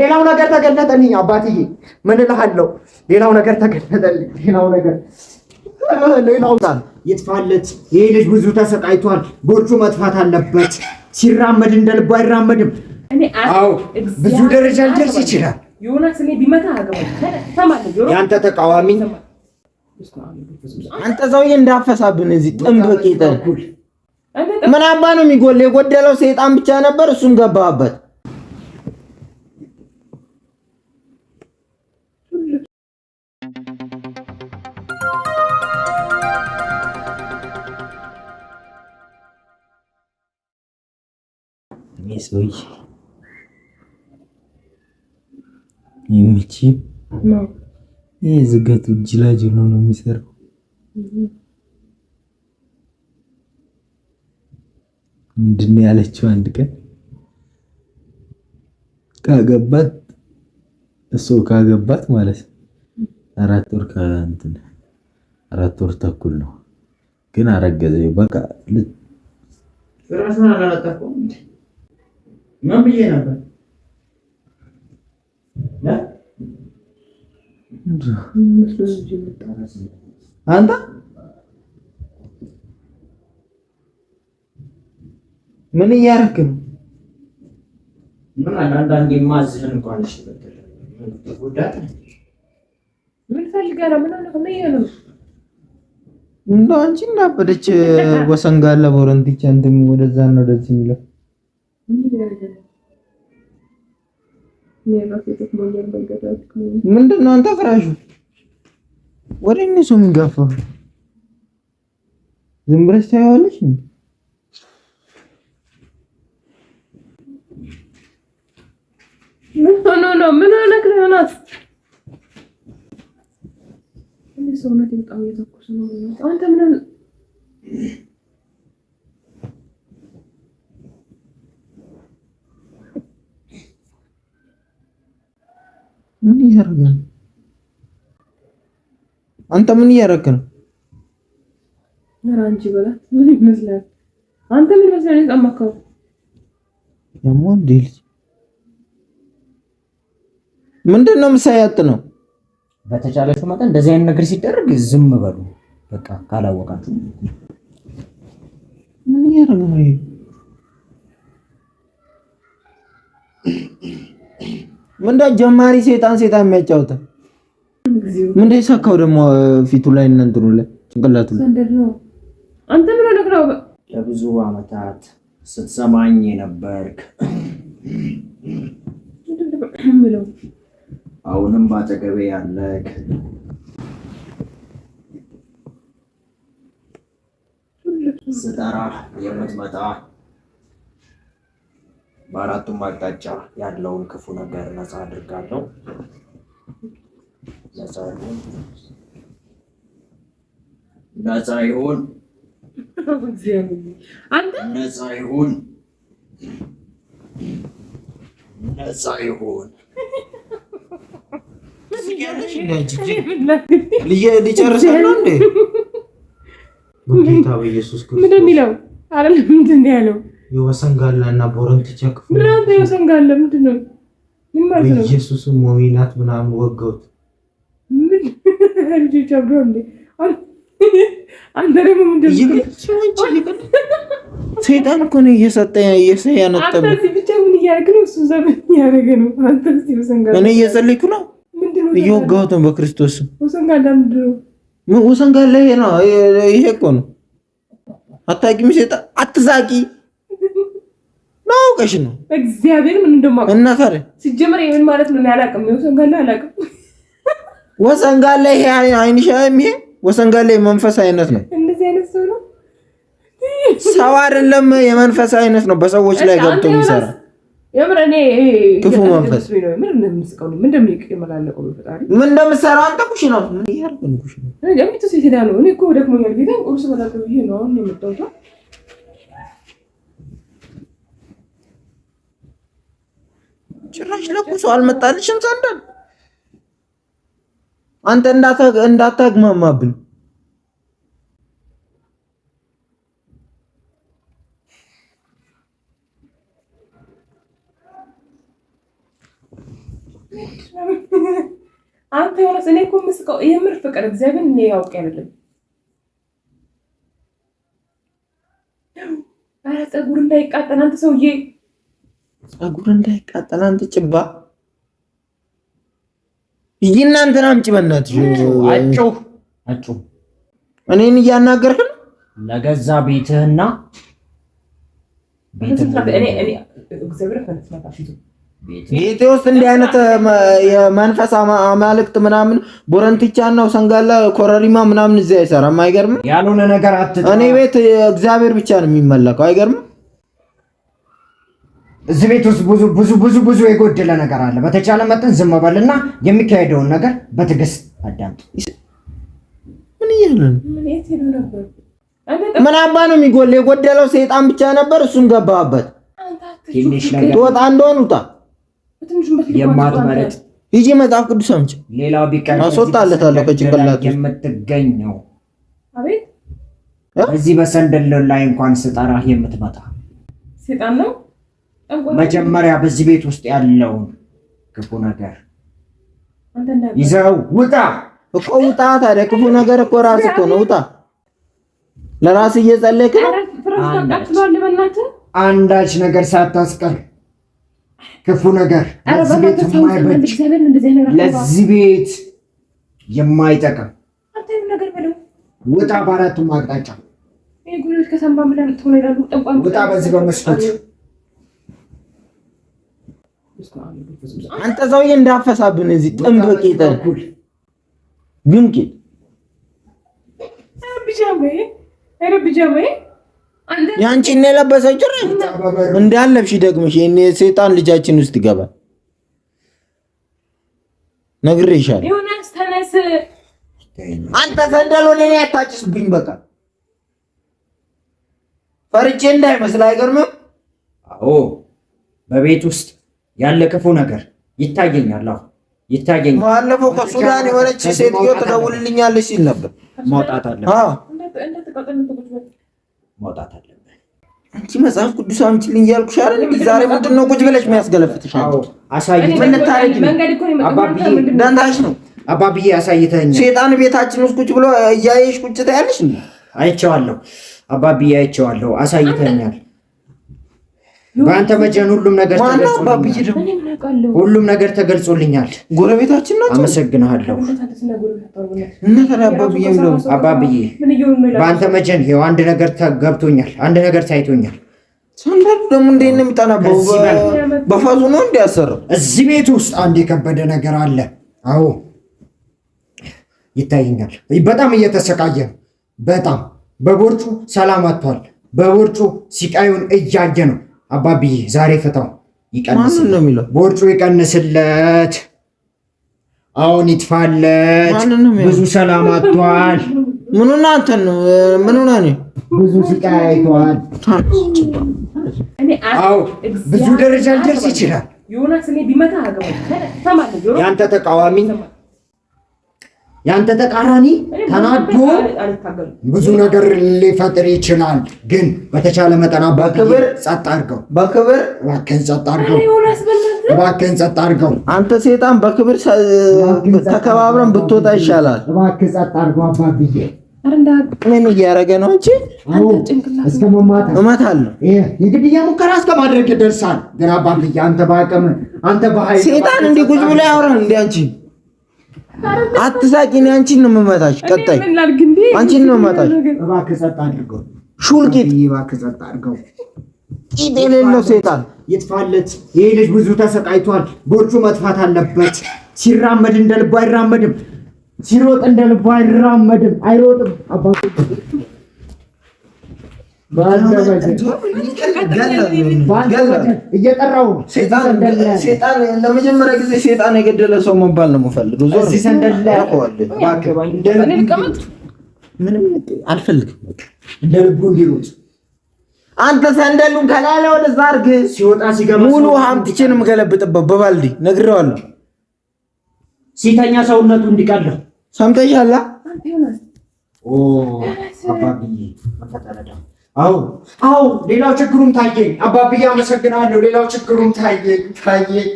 ሌላው ነገር ተገለጠልኝ። አባትዬ ምን እልሃለሁ? ሌላው ነገር ተገለጠልኝ። ሌላው ነገር ሌላው ይጥፋለት። ይሄ ልጅ ብዙ ተሰቃይቷል። ጎቹ መጥፋት አለበት። ሲራመድ እንደ ልብ አይራመድም። አዎ ብዙ ደረጃ ሊደርስ ይችላል። የአንተ ተቃዋሚ አንተ ሰውዬ እንዳፈሳብን እዚህ ጥንብቅ ይጠል ምን አባ ነው የሚጎል የጎደለው ሰይጣን ብቻ ነበር። እሱም ገባበት ሰውዬ የሚቺ ይህ ዝገቱ ጅላጅ ሆኖ ነው የሚሰራው። ምንድን ያለችው? አንድ ቀን ካገባት እሱ ካገባት ማለት አራት ወር ከእንትን አራት ወር ተኩል ነው፣ ግን አረገዘ በቃ ምን ብዬ ነበር? አንተ ምን እያደረክ ነው? ምን አለ አንዳንዴ ማዝህን እንኳን እሺ፣ ምን ፈልገህ ነው? ምን ሆነህ ነው? እንደው አንቺ እናበደች ወሰንጋላ ቦረንቲቻ እንትን ወደዛ ነው ወደዚህ የሚለው ምንድን ነው አንተ ፍራሹ? ወደ እነሱ የሚጋፋ ዝም ብለሽ ታየዋለሽ። ምን ሆኖ ነው? ምን ሆነ? ነው ዮናስ? ሰውነቴ በጣም እየተኮሰ ነው። አንተ ምን ምን እያደረግን ነው? አንተ ምን እያደረግህ ነው? አንቺ በላ ምን ይመስላል? አንተ ምን ይመስላል? ምንድን ነው ነው? በተቻላችሁ መጠን እንደዚህ አይነት ነገር ሲደረግ ዝም በሉ። በቃ ካላወቃችሁ ምን እያደረግህ ነው? ምንዳ ጀማሪ ሴጣን ሴጣን የሚያጫውተ ምንዳ የሳካው ደግሞ ፊቱ ላይ እናንትኑ ላይ ጭንቅላቱ አንተ ምን ሆነህ ነው? ለብዙ አመታት ስትሰማኝ የነበርክ አሁንም ባጠገቤ ያለክ ስጠራ የምትመጣ በአራቱም አቅጣጫ ያለውን ክፉ ነገር ነፃ አድርጋለሁ። ነፃ ይሁን፣ ነፃ ይሁን፣ ነፃ ይሁን፣ ነፃ ይሁን። ሊጨርሰን ነው እንዴ? በጌታ በኢየሱስ ክርስቶስ ምንድን ነው ያለው? የወሰን እና ቦረንት ቸክ ምራንተ የወሰን ጋላ ምንድን ነው? ምን ነው? ኢየሱስ ሞሚናት ምናምን ወገውት ምን ልጆች አብሮ እንዴ አንተ ደግሞ ምንድን ነው? ሰይጣን እኮ ነው እየሰጠ ያነጠበ። ብቻ ምን እያደረግ ነው? እሱ ዘመን እያደረገ ነው። አንተ ወሰን ጋላ እኔ እየጸለይኩ ነው፣ እየወጋሁት ነው በክርስቶስ ወሰን ጋላ ምንድን ነው? ይሄ ነው። ይሄ እኮ ነው። አታውቂም? ሰይጣን አትዛቂ አውቀሽን ነው እግዚአብሔር ምን እንደማውቀው እና ታዲያ ሲጀመር ይሄን ማለት ምን አላውቅም። ወሰንጋላ አላውቅም። ወሰንጋላ ይሄ አይንሻ ይሄ ወሰንጋላ የመንፈስ አይነት ነው። እንደዚህ አይነት ሰው ነው ሰው አይደለም፣ የመንፈስ አይነት ነው። በሰዎች ላይ ገብቶ የሚሰራ የምር እኔ ክፉ መንፈስ ምን እንደምስቀው ምን እንደሚቀመላለቀው በፈጣሪ ምን እንደምሰራ አንተ ኩሽ ነው ምን ያርኩን ኩሽ ነው እኔ ደምቱ ሲዳ ነው እኔ እኮ ደክሞኛል ቢደን ቁርስ በላከው ይሄ ነው አሁን የመጣሁት ጭራሽ ለኩሶ አልመጣልሽም ሰንደል። አንተ እንዳታግማማብን አንተ የሆነስ እኔ እኮ ምስቀው የምር ፍቅር እግዚአብሔር እኔ ያውቅ አይደለም። ኧረ ፀጉር እንዳይቃጠል አንተ ሰውዬ ጸጉር እንዳይቃጠል አንተ ጭባ እናንተን አምጪ በእናትሽ አጩ አጩ እኔን እያናገርህን ለገዛ ቤትህና ቤቴ ውስጥ እንዲህ አይነት የመንፈስ አማልክት ምናምን ነው ሰንጋላ ኮረሪማ ምናምን እዚ አይሰራም። አይገርምም? ያልሆነ ነገር እኔ ቤት እግዚአብሔር ብቻ ነው የሚመለከው። አይገርምም? እዚህ ቤት ውስጥ ብዙ ብዙ ብዙ ብዙ የጎደለ ነገር አለ። በተቻለ መጠን ዝም በልና የሚካሄደውን ነገር በትዕግስት አዳምጥ። ምን አባ ነው የሚጎል? የጎደለው ሰይጣን ብቻ ነበር፣ እሱን ገባበት። ትወጣ እንደሆን ውጣ። የማትመረጥ ይጂ መጽሐፍ ቅዱስ አምጪ። ሌላው ቢቀር አስወጣለታለሁ ከጭንቅላት የምትገኘው እዚህ በሰንደል ላይ እንኳን ስጠራህ የምትመጣ ሰይጣን ነው መጀመሪያ በዚህ ቤት ውስጥ ያለውን ክፉ ነገር ይዘው ውጣ እኮ ውጣ። ታዲያ ክፉ ነገር እኮ ራስ እኮ ነው። ውጣ። ለራስ እየጸለይክ አንዳች ነገር ሳታስቀር ክፉ ነገር ለዚህ ቤት የማይጠቅም ውጣ። በአራቱም አቅጣጫ ውጣ። በዚህ በመስኮት አንተ ሰውዬ እንዳፈሳብን እዚህ ጥም በቂጠ ግምቂ ያንቺን የለበሰች እንዳለብሽ ደግመሽ ሴጣን ልጃችን ውስጥ ይገባል። ይሻል አንተ ሰንደሎን እኔ አታጭስብኝ። በቃ ፈርቼ እንዳይመስል አይገርምም። አዎ በቤት ውስጥ ያለ ክፉ ነገር ይታየኛል። አሁን ይታየኛል። ባለፈው ከሱዳን የሆነች ሴትዮ ትደውልልኛለች ሲል ነበር። መውጣት አለብህ፣ መውጣት አለብህ። አንቺ መጽሐፍ ቅዱስ አምጪልኝ እያልኩሽ አይደል? ዛሬ ምንድን ነው ቁጭ ብለሽ የሚያስገለፍትሽ? አሳይ ምን ልታረጊ ነው? ደንታሽ ነው አባብዬ አሳይተኸኝ። ሴጣን ቤታችን ውስጥ ቁጭ ብሎ እያየሽ ቁጭ ትያለሽ። አይቼዋለሁ አባብዬ፣ አይቼዋለሁ። አሳይተኛል በአንተ መቼን ሁሉም ነገር ሁሉም ነገር ተገልጾልኛል። ጎረቤታችን ናቸው። አመሰግንሃለሁ። አባብዬ በአንተ መቼን ይኸው አንድ ነገር ገብቶኛል፣ አንድ ነገር ታይቶኛል። ሳንዳሉ ደግሞ እንዴት ነው የሚጠናበው? በፋዙ ነው እንዲያሰራው። እዚህ ቤት ውስጥ አንድ የከበደ ነገር አለ። አዎ ይታየኛል። በጣም እየተሰቃየ ነው። በጣም በቦርጩ ሰላም አጥቷል። በቦርጩ ሲቃዩን እያየ ነው አባቢ ዛሬ ፈታው ይቀንስለት፣ ቦርጩ ይቀንስለት፣ አሁን ይጥፋለት። ብዙ ሰላም አጥቷል። ምኑና አንተን ነው ምኑና ነው ብዙ ስቃይ ብዙ ደረጃ ሊደርስ ይችላል። የአንተ ተቃዋሚ ያንተ ተቃራኒ ተናዶ ብዙ ነገር ሊፈጥር ይችላል። ግን በተቻለ መጠና በክብር ጸጥ አድርገው፣ በክብር እባክህን ጸጥ አድርገው፣ እባክህን ጸጥ አድርገው። አንተ ሴጣን በክብር ተከባብረን ብትወጣ ይሻላል። እባክህ ጸጥ አድርገው። አባብዬ ምን እያደረገ ነው እንጂ እስከ መማት እመታለሁ። የግድያ ሙከራ እስከ ማድረግ ይደርሳል። ግን አባብዬ አንተ በአቅም አንተ በኃይል ሴጣን እንዲህ ጉዝ ብላ ያወራል እንዲህ አንቺ አትሳቂ። እኔ አንቺን ነው የምመታሽ። ቀጣይ አንቺን ነው የምመታሽ። እባክህ ጸጥ አድርገው። ሹልቂት እባክህ ጸጥ አድርገው። ቂጥ የሌለው ሴጣን ይጥፋለት። ይሄ ልጅ ብዙ ተሰቃይቷል። ቦቹ መጥፋት አለበት። ሲራመድ እንደ ልቡ አይራመድም። ሲሮጥ እንደ ልቡ አይራመድም። አይሮጥም አባቶች ለመጀመሪያ ጊዜ ሴጣን የገደለ ሰው መባል ነው የምፈልገው። ምንም አልፈልግም። እንደ ልቡ እንዲሮጥ አንተ ሰንደሉን ከላለ ወደዛ አድርግ። ሲወጣ ሲገባ ሙሉ ሀምትቼን የምገለብጥበት በባልዲ ነግሬዋለሁ። ሲተኛ ሰውነቱ እንዲቀለው ሰምተሻላ አዎ አዎ፣ ሌላው ችግሩም ታየኝ አባብዬ፣ አመሰግናለሁ። ሌላው ችግሩም ታየኝ ታየኝ።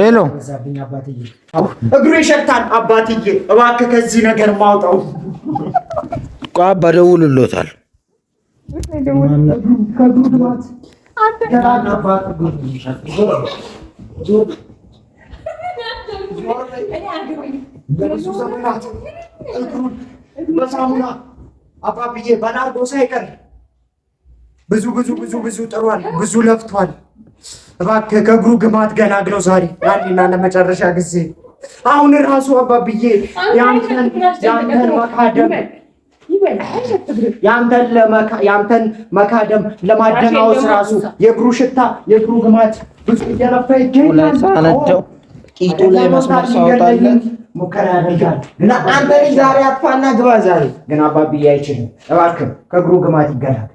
ሄሎ እግሩ ይሸታል አባትዬ፣ እባክህ ከዚህ ነገር ማውጣው። ቆይ አባ ደውልሎታል። በሳሙና አባብዬ ባላርጎ ሳይቀር ብዙ ብዙ ብዙ ብዙ ጥሯል፣ ብዙ ለፍቷል። እባክህ ከእግሩ ግማት ገላግለው ዛሬ አንዴና ለመጨረሻ ጊዜ። አሁን ራሱ አባብዬ ያንተን ያንተን መካደም ያንተን ያንተን መካደም ለማደናወስ ራሱ የእግሩ ሽታ የእግሩ ግማት ብዙ እየለፋ ይገኛል። ቂጡ ላይ መስመር ሳወጣለን ሙከራ ያደርጋል እና አንተ ልጅ ዛሬ አጥፋና ግባ። ዛሬ ግን አባብዬ አይችልም። እባክህ ከእግሩ ግማት ይገላል።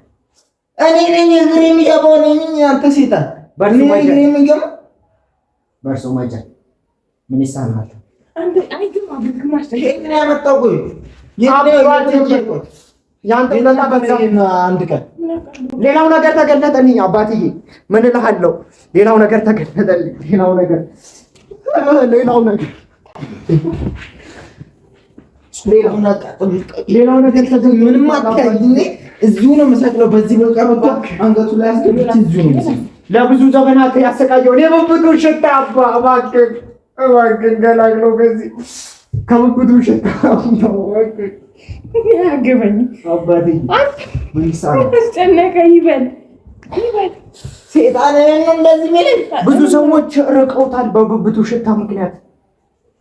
እኔ ነኝ እግር የሚገባው እኔ ነኝ። አንተ ሴጣን በእርሱ መጀል በእርሱ መጀል ምን ይሳናል? ምን ያመጣው? አንድ ቀን ሌላው ነገር ተገለጠልኝ። አባትዬ ምን እልሃለሁ? ሌላው ነገር ተገለጠልኝ። ሌላው ነገር ሌላው ነገር ሌላው ነገር ምንም አታይኝ። እዚሁ ነው የምሰቅለው። በዚህ በቀረው አንገቱ ላይ አስገብቼ እዚሁ ነው ለብዙ ዘመናት ያሰቃየው የብብቱ ሽታ እባክህ እባክህ ገላግሎ ከዚህ ከብብቱ ሽታ አባቴ ይበል ሴጣን እንደዚህ ብዙ ሰዎች ርቀውታል በብብቱ ሽታ ምክንያት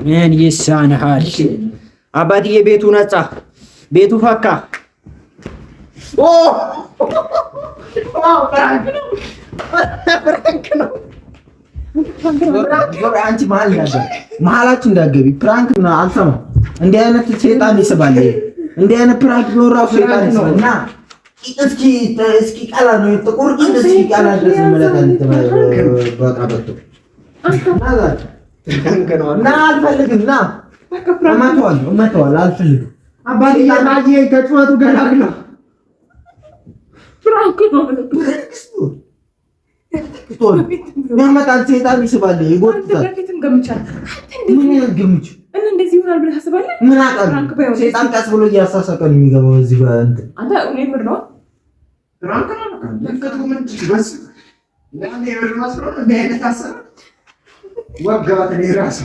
ምን ይሳንሃል? አባትዬ ቤቱ ነጻ፣ ቤቱ ፈካ። ፍራንክ ነው። አንቺ መሀል እንዳትገቢ፣ መሀላችሁ እንዳትገቢ። ፕራንክ ነው። አልሰማም። እንዲህ አይነት ሴጣን ይስባል። እንዲህ አይነት ፕራንክ ነው እራሱ ሴጣን ይስባል። እና እስኪ እስኪ ቀላ ነው ጥቁር እስኪ ቀላ ድረስ መለታ እና አልፈልግም። ና እመተዋለሁ፣ እመተዋለሁ። አልፈልግም። አባትዬ ማጂ ከጩኸቱ ገላግለው። ያመጣል፣ ሴጣን ይስባል፣ ይጎትታል። ምን አውቃለሁ። ሴጣን ቀስ ብሎ እያሳሳቀ ነው የሚገባው እዚህ በእንትን አንተ Лапгата не разу.